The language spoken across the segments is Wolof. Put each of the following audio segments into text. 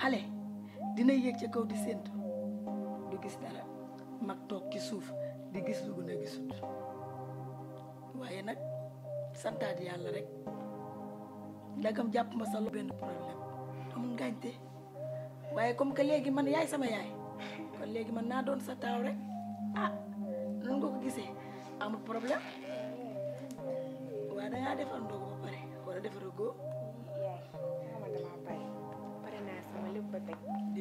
xale dina yéeg ci kaw di séentu du gis dara mag toog ci suuf di gis lu gën a gisut waaye nag santaat yàlla rek ndagam jàpp ma sa lo benn problème amul ngaañte waaye comme que léegi man yaay sama yaay kon léegi man naa doon sa taaw rek ah nun nga ko gisee amul problème waaye dangaa defar ndoo ba pare wala defara góor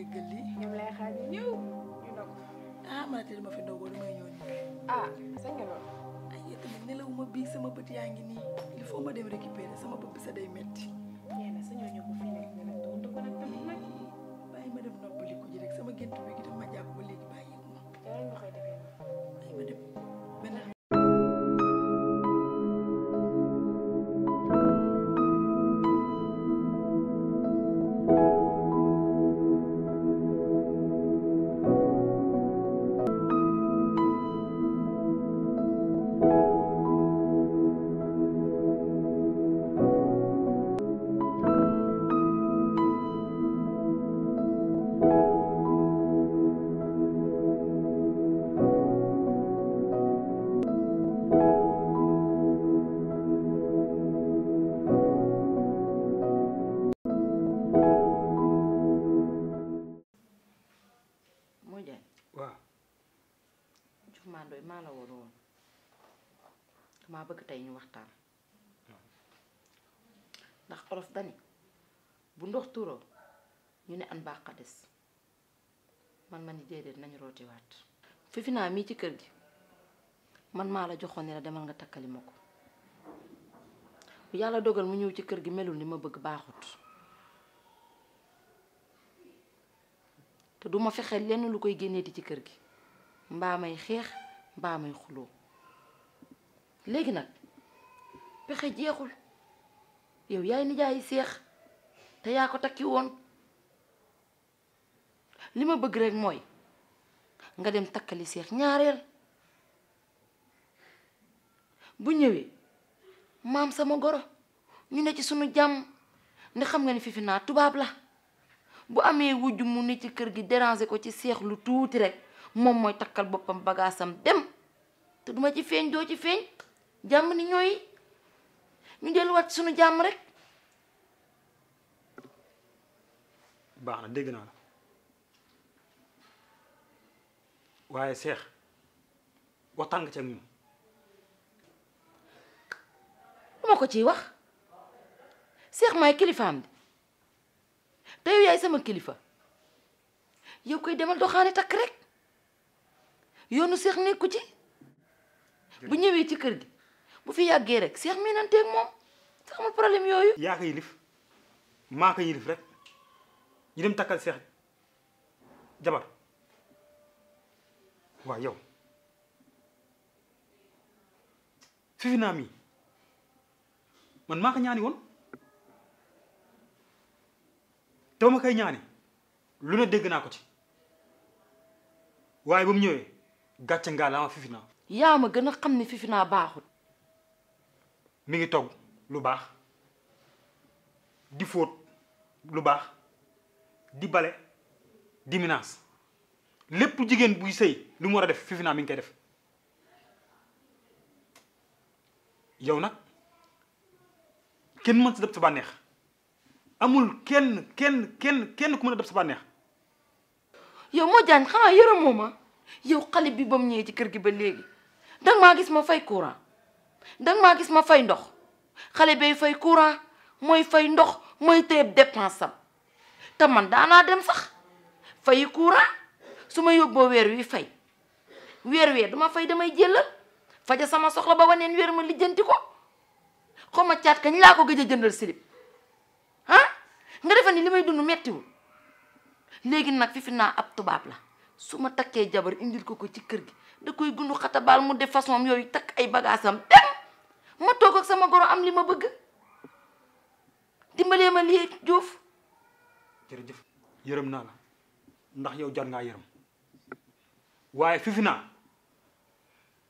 déggal lii. ñoom lay xaar ñu ñëw ñu doog. ah man de ma fi doogoo damay ñëw ñu. Ah, bii sama bët yaa ngi nii il faut ma dem récupérer sama bopp sa day metti. nee na ma dem noppaliku ji rek sama gént bi gi dama jàpp ba léegi bàyyi ma. dara ñu koy defee ma dem. la waroon damaa bëgg tey ñu waxtaan ndax olof dani bu ndox turoo ñu ne an baax a des man ma ni déedéet nañu rootiwaat fifi naa mii ci kër gi man maa la joxoon ne la demal nga takkalima ko bu yàlla dogal mu ñëw ci kër gi melul ni ma bëgg baaxut te duma fexe lenn lu koy génneeti ci kër gi mbaa may xeex mbaa may xuloo léegi nag pexe jeexul yow yaay yi seex te yaa ko takki woon li ma bëgg rekk mooy nga dem takkali seex ñaareel bu ñëwee maam sama goro ñu ne ci sunu jàmm ne xam nga ne fifinaa tubaab la bu amee wujj mu ne ci kër gi déranger ko ci seex lu tuuti rekk moom mooy takkal boppam bagaasam dem te duma ci feeñ doo ci feeñ jàmm ni ñooy ñu delluwaat suñu jàmm rek baax na dégg naa la waaye seex waxtaan nga ci ak ko ciy wax seex maay kilifaam de te yow yaay sama kilifa yow koy demal doxaane takk rek yoonu seex nekku ci bu ñëwee ci kër gi bu fi yàggee rek seex miinanteeg moom sax amul problème yooyu. yaa ko yilif maa ko yilif rek ñi dem takkal seex jabar waaw yow fifi naa mi man maa ko ñaani woon te ma koy ñaani lu ne dégg naa ko ci waaye ba mu ñëwee gàcce ngaa la ah, fifi naa yaa ma gën a xam ne fifi naa baaxul. mi ngi togg lu baax di fóot lu baax di bale di menace lépp jigéen buy sëy lu mu war a def fifi naa mi ngi koy def yow nag kenn mën sa dëpp sa amul kenn kenn kenn kenn ku mën a dëpp sa bànneex yow moo jaan xanaa yërëmoo ma yow xale bi ba mu ñëwee ci kër gi ba léegi danga maa gis ma fay courant danga maa gis ma fay ndox xale bay fay courant mooy fay ndox mooy téyeb dépense am te man daanaa dem sax fayi courant su ma yóbboo weer wi fay weer weer duma fay damay jëlal faja sama soxla ba waneen weer ma lijjanti ko xaw ma caat kañ laa ko gëj a jëndal silib ah nga defe ni li may dund mettiwul léegi nag fi fi ab tubaab la suma takke jabar indil ko ko ci kër gi da koy gundu bal mu def façon yoy tak ay bagasam dem ma tok ak sama goro am lima ma bëgg dimbalee ma djouf jere djef yërëm na la ndax yow jar nga yërëm waye fifina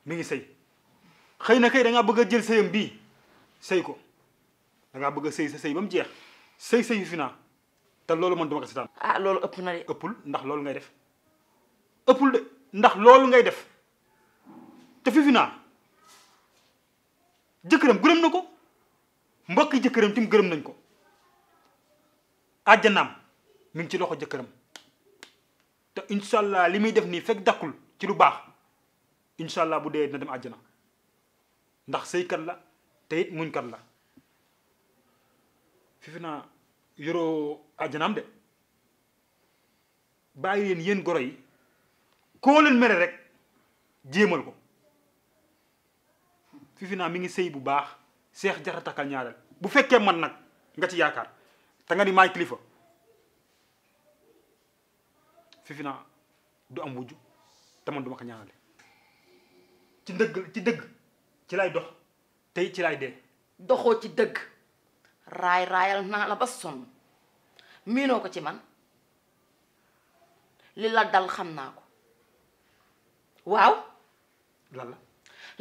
mi ngi sey xeyna kay da nga bëgg a jël sëyam bii sey ko da nga bëgg a sa sey bam jeex sey sey fifina ta lolu man duma ko setan ah lolu ëpp na de. ëppul ndax ngay def. ëppul de ndax loolu ngay def te fifi naa jëkkëram gërëm na ko mbokki jëkkëram tim gërëm nañ ko àjjanaam mi ngi ci loxo jëkkëram te incha allah li muy def nii fekk daqul ci lu baax incha bu dee dina dem àjjana ndax sëykat la te it muñkat la fifi naa yoroo àjjanaam de bàyyi leen yéen goro yi koo leen mere rek jéemal ko fifi naa mi ngi sëy bu baax seex jaratakal ñaareel bu fekkee man nag nga ci yaakaar te nga ni maay kilifa fifi naa du am wujj te man duma ko ñaanale ci dëgg ci dëgg ci lay dox tey ci lay dee doxoo ci dëgg raay raayal naa la ba sonn miinoo ko ci man li la dal xam naa ko Wow, lan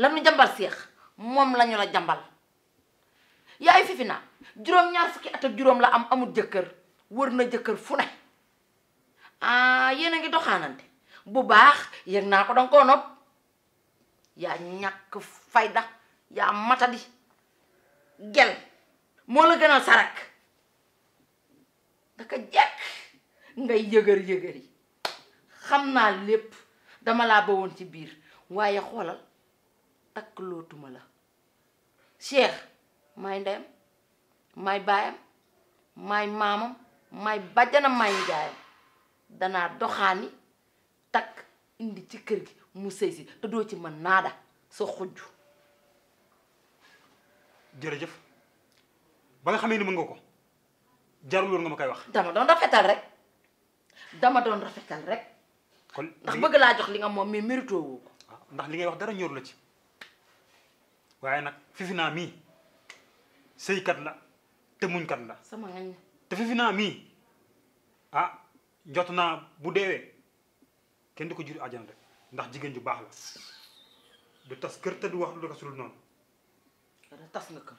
la. ni jambal seex mom lañu la jambal Ya Fifina juróom-ñaar fukki at ak juróom la am amu jëkkër wër na jëkkër fu ne ah yéen a ngi doxaanante bu baax yëg na ko konop, Ya nyak ke faida, fayda yaa matadi gel moo la sarak daka jekk ngay yëgër yëgër yi xam dama laa bawoon ci biir waaye xoolal takk lootuma la Cheikh may ndeyam may baayam maay maamam maay bàjjanam maay njaayam danaa doxaani takk indi ci kër gi mu sëy si te doo ci mën naada sa xujj jërëjëf ba nga xamee ni mën nga ko jarul woon nga ma koy wax dama doon rafetal rek dama doon rafetal rek kon ndax bëgg laa jox li nga moom mais mérito woo ah, ndax li ngay wax dara ñor la ci waaye nag Fifina mii sëykat la te muñkat la. sama ngañ te Fifina mii ah jot naa bu deewee kenn du ko jur àjjana rek ndax jigéen ju baax la du tas kër te du wax lu ko sul noonu. tas nga kër.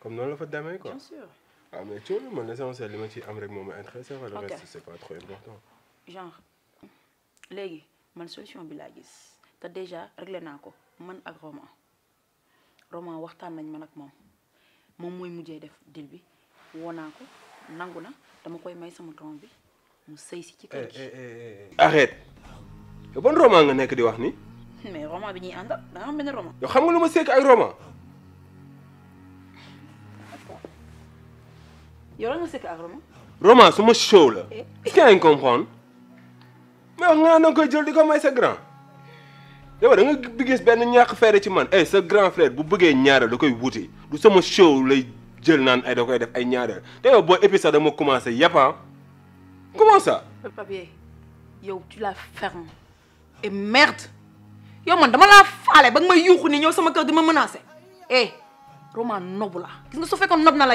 comme noonu la fa demee quoi. bien sûr. ah mais coono man l'essentiel li ma ci am rek moom ma intéressé wala le reste c'est pas trop important. genre léegi man solution bi laa gis te déjà réglé naa man ak Roman Roman waxtaan nañ man ak moom moom mooy mujjee def dil bi woo naa na dama koy may sama doom bi mu sëy si ci kër gi. Eh, eh, eh, arrête le bon Roman nga nekk di wax ni mais Roman bi ñuy àndal da nga xam Roman. yo xam nga lu ma sekk ak Roman. Roman, lan nga show la. Eh. est-ce que é ngi comprendre. mais wax nga o koy jël di ko may sa grand. yow da nga gis benn ñàkk feere ci man eh é grand frère que bëggee ñaareel da koy wuti du sama show lay jël o ay da koy def ay é te yow boo épi sax dama commencé É comment ça. Euh, papier yow tu la ferme et merde yow man dama laa faale ba nga may yuuxu ni ñëw sama kër di ma menacé eh Roma nobu la gis nga su fekkoon nob na la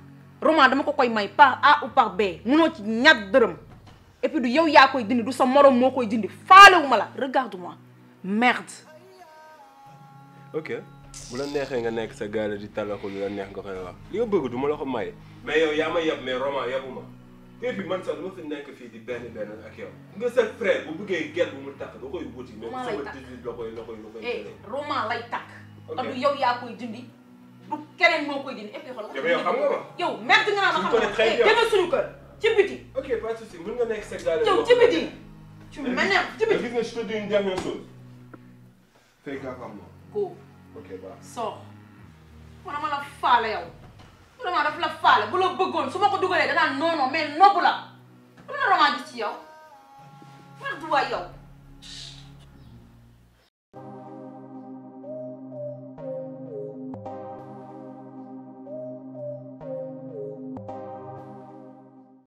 roman dama ko koy may par A ou par B munoo ci ñat deureum et puis du yow ya koy dindi du sa morom mo koy dindi faalewuma la regarde moi merde ok bu la nexé nga nek sa gaale di talako lu la nex nga koy wax li nga bëgg du ma la ko may mais yow ya ma yeb mais roman yebuma et puis man sa lu fi nek fi di ben ben ak yow nga sa frère bu bëggé gel bu mu tak da koy wuti mais sama digli la koy la koy la koy eh, roman lay tak. te du yow ya koy dindi du keneen moo koy dindi et puis xoolal. yow xam nga Tu yow merde nga Tu ma xam nga eh génn suñu kër ci biti. ok pas de souci Tu nga nekk sec Tu yow ci biti. ci m'énerve ci biti. gis nga je te dis une dernière chose. fais gaffe à moi. go. ok baax soox. ma dama la faale yow. ma dama daf la faale bu la bëggoon su ma ko dugalee danaa non non mais noppu la. ma dama romance ci yow. ma du waay yow.